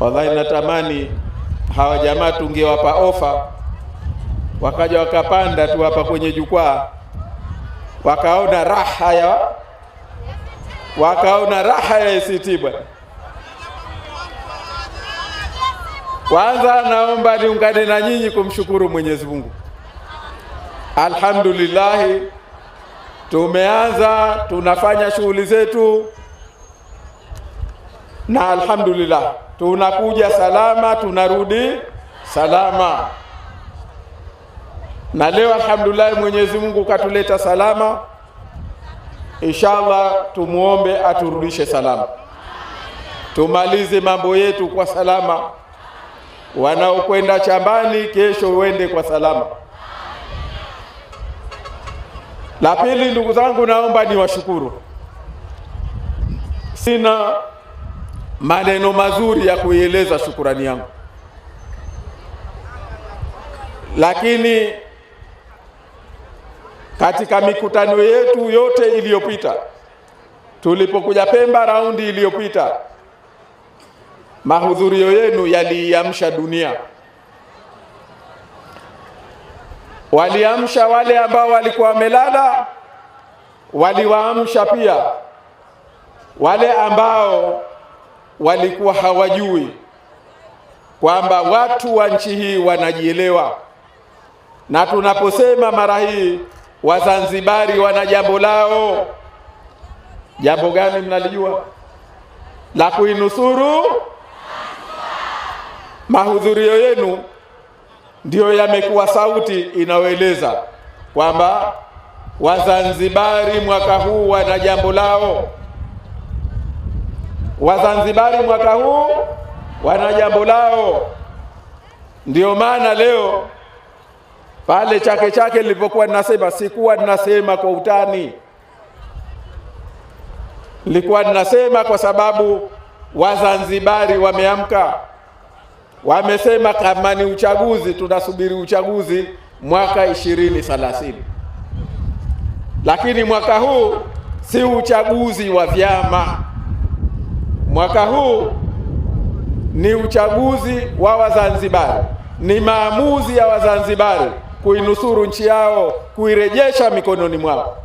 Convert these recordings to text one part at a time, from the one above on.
Wallahi natamani hawa jamaa tungewapa ofa, wakaja wakapanda tu hapa kwenye jukwaa, wakaona raha ya wakaona raha ya ACT bwana. Kwanza naomba niungane na nyinyi kumshukuru Mwenyezi Mungu. Alhamdulillah, tumeanza tunafanya shughuli zetu na alhamdulillah tunakuja salama, tunarudi salama. Na leo alhamdulillah, Mwenyezi Mungu katuleta salama. Inshallah tumuombe aturudishe salama, tumalize mambo yetu kwa salama. Wanaokwenda chambani kesho uende kwa salama. La pili, ndugu zangu, naomba niwashukuru sina maneno mazuri ya kuieleza shukurani yangu, lakini katika mikutano yetu yote iliyopita, tulipokuja Pemba raundi iliyopita, mahudhurio yenu yaliiamsha dunia. Waliamsha wale ambao walikuwa wamelala, waliwaamsha pia wale ambao walikuwa hawajui kwamba watu wa nchi hii wanajielewa, na tunaposema mara hii Wazanzibari wana jambo lao. Jambo gani mnalijua la kuinusuru? Mahudhurio yenu ndiyo yamekuwa sauti inayoeleza kwamba Wazanzibari mwaka huu wana jambo lao. Wazanzibari mwaka huu wana jambo lao. ndio maana leo pale Chake Chake nilipokuwa ninasema, sikuwa ninasema kwa utani, nilikuwa ninasema kwa sababu Wazanzibari wameamka, wamesema kama ni uchaguzi, tunasubiri uchaguzi mwaka 2030 lakini mwaka huu si uchaguzi wa vyama Mwaka huu ni uchaguzi wa Wazanzibari, ni maamuzi ya Wazanzibari kuinusuru nchi yao, kuirejesha mikononi mwao.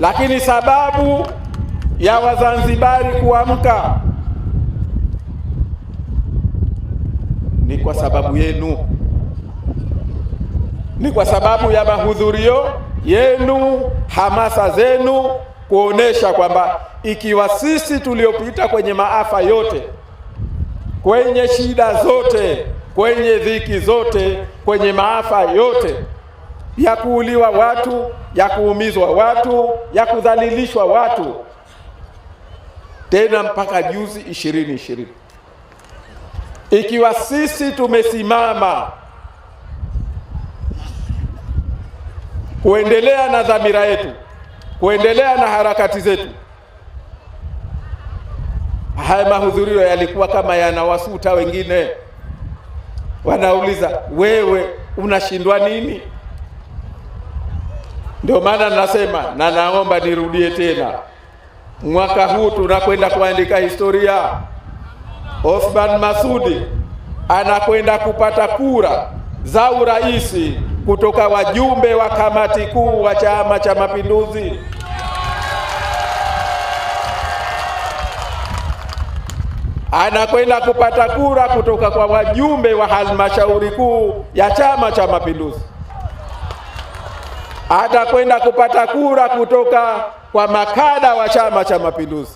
Lakini sababu ya Wazanzibari kuamka ni kwa sababu yenu, ni kwa sababu ya mahudhurio yenu, hamasa zenu kuonesha kwamba ikiwa sisi tuliopita kwenye maafa yote, kwenye shida zote, kwenye dhiki zote, kwenye maafa yote ya kuuliwa watu, ya kuumizwa watu, ya kudhalilishwa watu, tena mpaka juzi ishirini ishirini, ikiwa sisi tumesimama kuendelea na dhamira yetu kuendelea na harakati zetu. Haya mahudhurio yalikuwa kama yanawasuta wengine, wanauliza wewe unashindwa nini? Ndio maana nasema na naomba nirudie tena, mwaka huu tunakwenda kuandika historia. Othman Masudi anakwenda kupata kura za uraisi kutoka wajumbe wa kamati kuu wa Chama cha Mapinduzi. Anakwenda kupata kura kutoka kwa wajumbe wa halmashauri kuu ya Chama cha Mapinduzi. Atakwenda kupata kura kutoka kwa makada wa Chama cha Mapinduzi.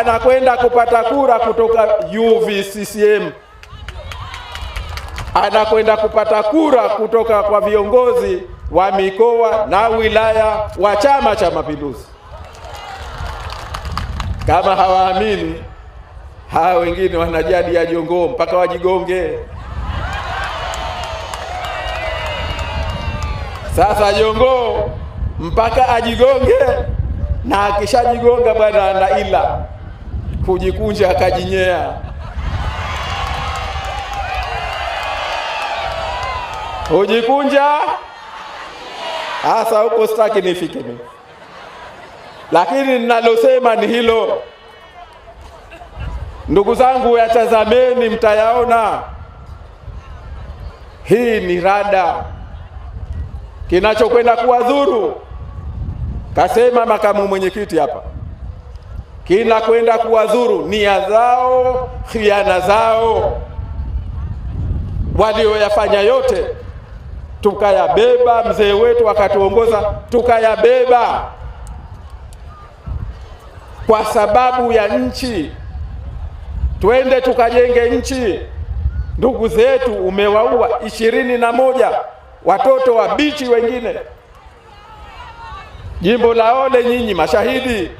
Anakwenda kupata kura kutoka UVCCM anakwenda kupata kura kutoka kwa viongozi wa mikoa na wilaya wa Chama cha Mapinduzi. Kama hawaamini hawa wengine wanajadi ya jongoo mpaka wajigonge. Sasa jongoo mpaka ajigonge, na akishajigonga bwana ana ila kujikunja akajinyea. hujikunja hasa huko, sitaki nifike mimi, lakini ninalosema ni hilo. Ndugu zangu, yatazameni, mtayaona. Hii ni rada. Kinachokwenda kuwadhuru, kasema makamu mwenyekiti hapa, kinakwenda kuwadhuru nia zao, khiana zao walioyafanya yote tukayabeba, mzee wetu akatuongoza tukayabeba, kwa sababu ya nchi. Twende tukajenge nchi. Ndugu zetu umewaua ishirini na moja watoto wabichi wengine, jimbo la Ole, nyinyi mashahidi.